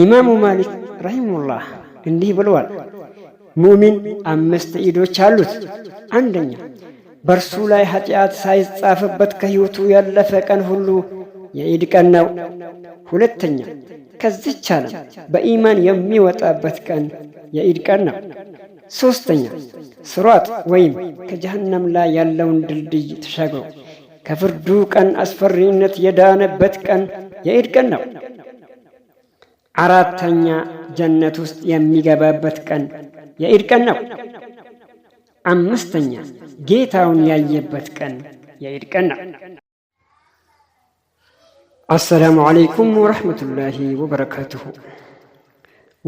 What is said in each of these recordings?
ኢማሙ ማሊክ ረሂሙላህ እንዲህ ብለዋል። ሙእሚን አምስት ዒዶች አሉት። አንደኛ በእርሱ ላይ ኃጢአት ሳይጻፍበት ከሕይወቱ ያለፈ ቀን ሁሉ የዒድ ቀን ነው። ሁለተኛ ከዚች ዓለም በኢማን የሚወጣበት ቀን የዒድ ቀን ነው። ሦስተኛ ስሯጥ ወይም ከጀሃነም ላይ ያለውን ድልድይ ተሻግሮ ከፍርዱ ቀን አስፈሪነት የዳነበት ቀን የዒድ ቀን ነው። አራተኛ ጀነት ውስጥ የሚገባበት ቀን የኢድ ቀን ነው። አምስተኛ ጌታውን ያየበት ቀን የኢድ ቀን ነው። አሰላሙ አለይኩም ወረሕመቱላሂ ወበረካቱሁ።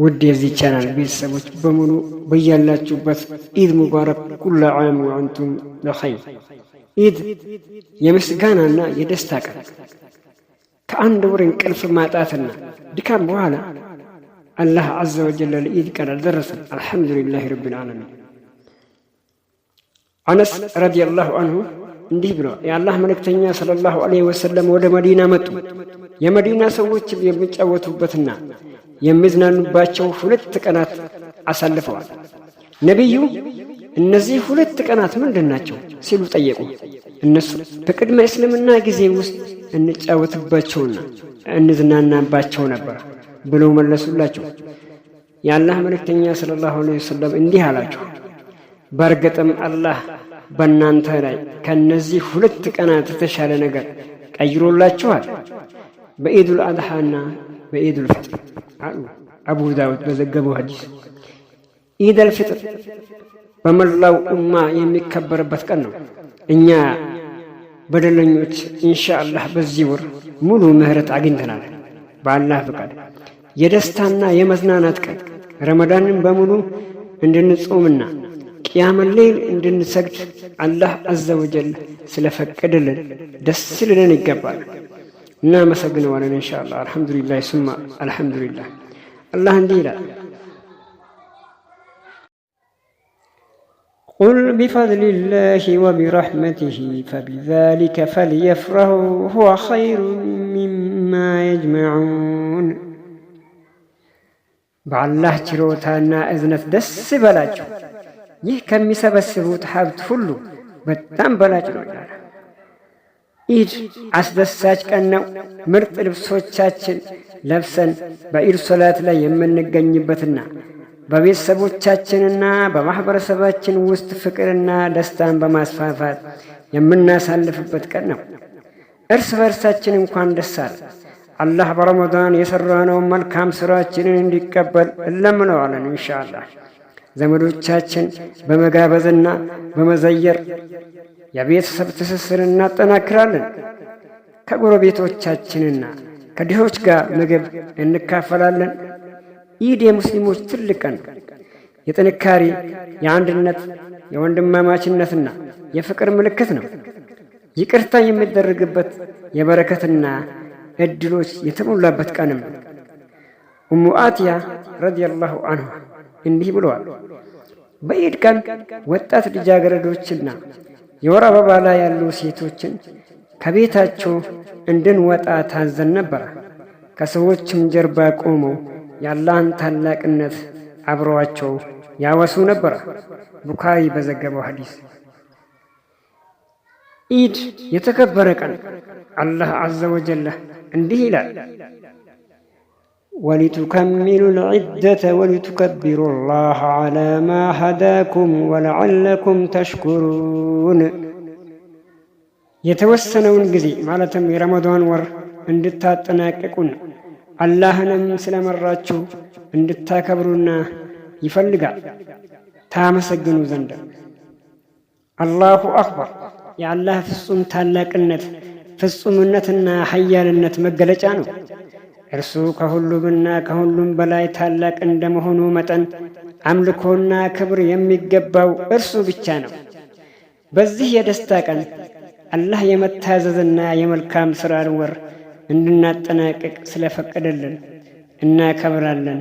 ውድ የዚህ ቻናል ቤተሰቦች በሙሉ በያላችሁበት ኢድ ሙባረክ፣ ኩለ ዓም ወአንቱም በኸይር። ኢድ የምስጋናና የደስታ ቀን ከአንድ ወር እንቅልፍ ማጣትና ድካም በኋላ አላህ አዘ ወጀል ለኢድ ቀን አልደረሰን። አልሐምዱሊላህ ረቢል ዓለሚን። አነስ ረዲየላሁ አንሁ እንዲህ ብለዋል። የአላህ መልእክተኛ ሰለላሁ ዐለይሂ ወሰለም ወደ መዲና መጡ። የመዲና ሰዎች የሚጫወቱበትና የሚዝናኑባቸው ሁለት ቀናት አሳልፈዋል። ነቢዩ እነዚህ ሁለት ቀናት ምንድን ናቸው ሲሉ ጠየቁ። እነሱ በቅድመ እስልምና ጊዜ ውስጥ እንጫወትባቸውና እንዝናናባቸው ነበር ብለው መለሱላቸው። የአላህ መልእክተኛ ሰለላሁ ዐለይሂ ወሰለም እንዲህ አላቸው፣ በእርግጥም አላህ በእናንተ ላይ ከእነዚህ ሁለት ቀናት የተሻለ ነገር ቀይሮላችኋል፣ በኢዱል አድሃና በኢዱል ፍጥር አሉ። አቡ ዳውድ በዘገበው ሀዲስ። ኢደል ፍጥር በመላው እማ የሚከበርበት ቀን ነው። እኛ በደለኞች ኢንሻአላህ በዚህ ወር ሙሉ ምህረት አግኝተናል። በአላህ ፍቃድ የደስታና የመዝናናት ቀን ረመዳንን በሙሉ እንድንጾምና ቅያመ ሌል እንድንሰግድ አላህ አዘወጀል ስለፈቀደልን ደስ ልለን ይገባል። እናመሰግነዋለን። ኢንሻአላህ አልሐምዱሊላህ ሱማ አልሐምዱሊላህ። አላህ እንዲህ ይላል قل بفضل الله وبرحمته فبذلك فليفرحوا هو خير مما يجمعون بالله تروتا نا دس بلاچو يه كم يسبسبو تحبت فلو بتام بلاچو جارا ايد اسدساچ كنو مرت لبسوچاچن لبسن بير لا يمنغنيبتنا በቤተሰቦቻችንና በማኅበረሰባችን ውስጥ ፍቅርና ደስታን በማስፋፋት የምናሳልፍበት ቀን ነው። እርስ በእርሳችን እንኳን ደስ አለ። አላህ በረመዳን የሠራነውን መልካም ሥራችንን እንዲቀበል እለምነዋለን ኢንሻአላህ። ዘመዶቻችን በመጋበዝና በመዘየር የቤተሰብ ትስስር እናጠናክራለን። ከጎረቤቶቻችንና ከድሆች ጋር ምግብ እንካፈላለን። ኢድ የሙስሊሞች ትልቅ ቀን ነው። የጥንካሬ የአንድነት፣ የወንድማማችነትና የፍቅር ምልክት ነው። ይቅርታ የሚደረግበት የበረከትና እድሎች የተሞላበት ቀንም ነው። ኡሙ አትያ ረዲየላሁ አንሁ እንዲህ ብለዋል። በኢድ ቀን ወጣት ልጃገረዶችና የወር አበባ ላይ ያሉ ሴቶችን ከቤታቸው እንድንወጣ ታዘን ነበር። ከሰዎችም ጀርባ ቆመው የአላህን ታላቅነት አብረዋቸው ያወሱ ነበር። ቡካሪ በዘገበው ሐዲስ ኢድ የተከበረ ቀን አላህ አዘ ወጀለ እንዲህ ይላል፣ ወሊቱከሚሉ ልዕደተ ወሊቱከቢሩ ላህ ዐላ ማ ሀዳኩም ወለዐለኩም ተሽኩሩን። የተወሰነውን ጊዜ ማለትም የረመዷን ወር እንድታጠናቅቁን አላህንም ስለመራችሁ እንድታከብሩና ይፈልጋል ታመሰግኑ ዘንድ። አላሁ አክበር የአላህ ፍጹም ታላቅነት ፍጹምነትና ሀያልነት መገለጫ ነው። እርሱ ከሁሉምና ከሁሉም በላይ ታላቅ እንደመሆኑ መጠን አምልኮና ክብር የሚገባው እርሱ ብቻ ነው። በዚህ የደስታ ቀን አላህ የመታዘዝና የመልካም ስራ። ወር እንድናጠናቅቅ ስለፈቀደልን እናከብራለን፣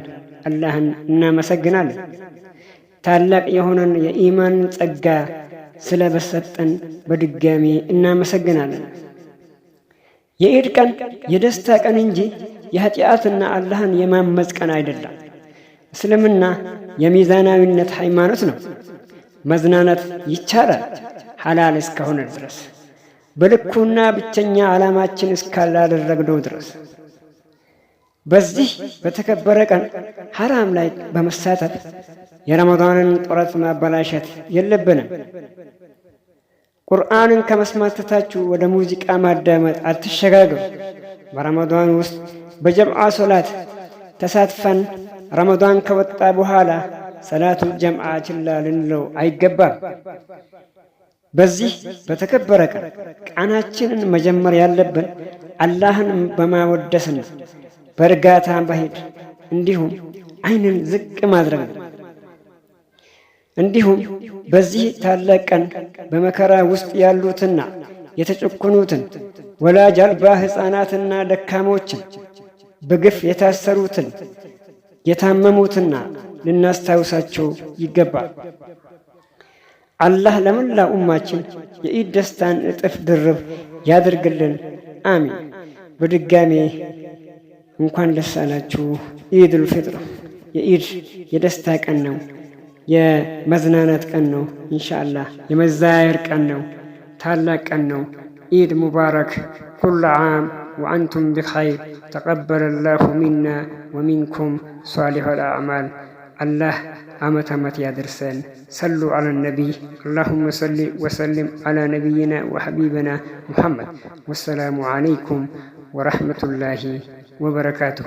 አላህን እናመሰግናለን። ታላቅ የሆነን የኢማን ጸጋ ስለበሰጠን በድጋሚ እናመሰግናለን። የኢድ ቀን የደስታ ቀን እንጂ የኃጢአትና አላህን የማመፅ ቀን አይደለም። እስልምና የሚዛናዊነት ሃይማኖት ነው። መዝናናት ይቻላል ሐላል እስከሆነ ድረስ በልኩና ብቸኛ ዓላማችን እስካላደረግነው ድረስ በዚህ በተከበረ ቀን ሐራም ላይ በመሳተፍ የረመዳንን ጦረት ማበላሸት የለብንም። ቁርአንን ከመስማተታችሁ ወደ ሙዚቃ ማዳመጥ አትሸጋገሩ። በረመዳን ውስጥ በጀምዓ ሶላት ተሳትፈን ረመዳን ከወጣ በኋላ ሰላቱ ጀምዓ ችላ ልንለው አይገባም። በዚህ በተከበረ ቀን ቀናችንን መጀመር ያለብን አላህን በማወደስና በእርጋታ ባሄድ እንዲሁም አይንን ዝቅ ማድረግ ነው። እንዲሁም በዚህ ታላቅ ቀን በመከራ ውስጥ ያሉትና የተጨኩኑትን ወላጅ አልባ ሕፃናትና ደካሞችን በግፍ የታሰሩትን የታመሙትና ልናስታውሳቸው ይገባል። አላህ ለመላ ኡማችን የኢድ ደስታን እጥፍ ድርብ ያድርግልን። አሚን። በድጋሜ እንኳን ደስ አላችሁ። ኢድል ፍጥር የኢድ የደስታ ቀን ነው። የመዝናናት ቀን ነው። ኢንሻአላህ የመዛየር ቀን ነው። ታላቅ ቀን ነው። ኢድ ሙባረክ። ኩል ዓም ወአንቱም ቢኸይር ተቀበለላሁ ሚና ወሚንኩም ሷሊሕ አልአዕማል አላህ አመት አመት ያደርሰን። ሰሉ አለ ነቢይ አላሁመ ሰሊ ወሰልም አላ ነቢይና ወሐቢብና ሙሐመድ። ወሰላሙ አለይኩም ወረሕመቱላሂ ወበረካቱሁ።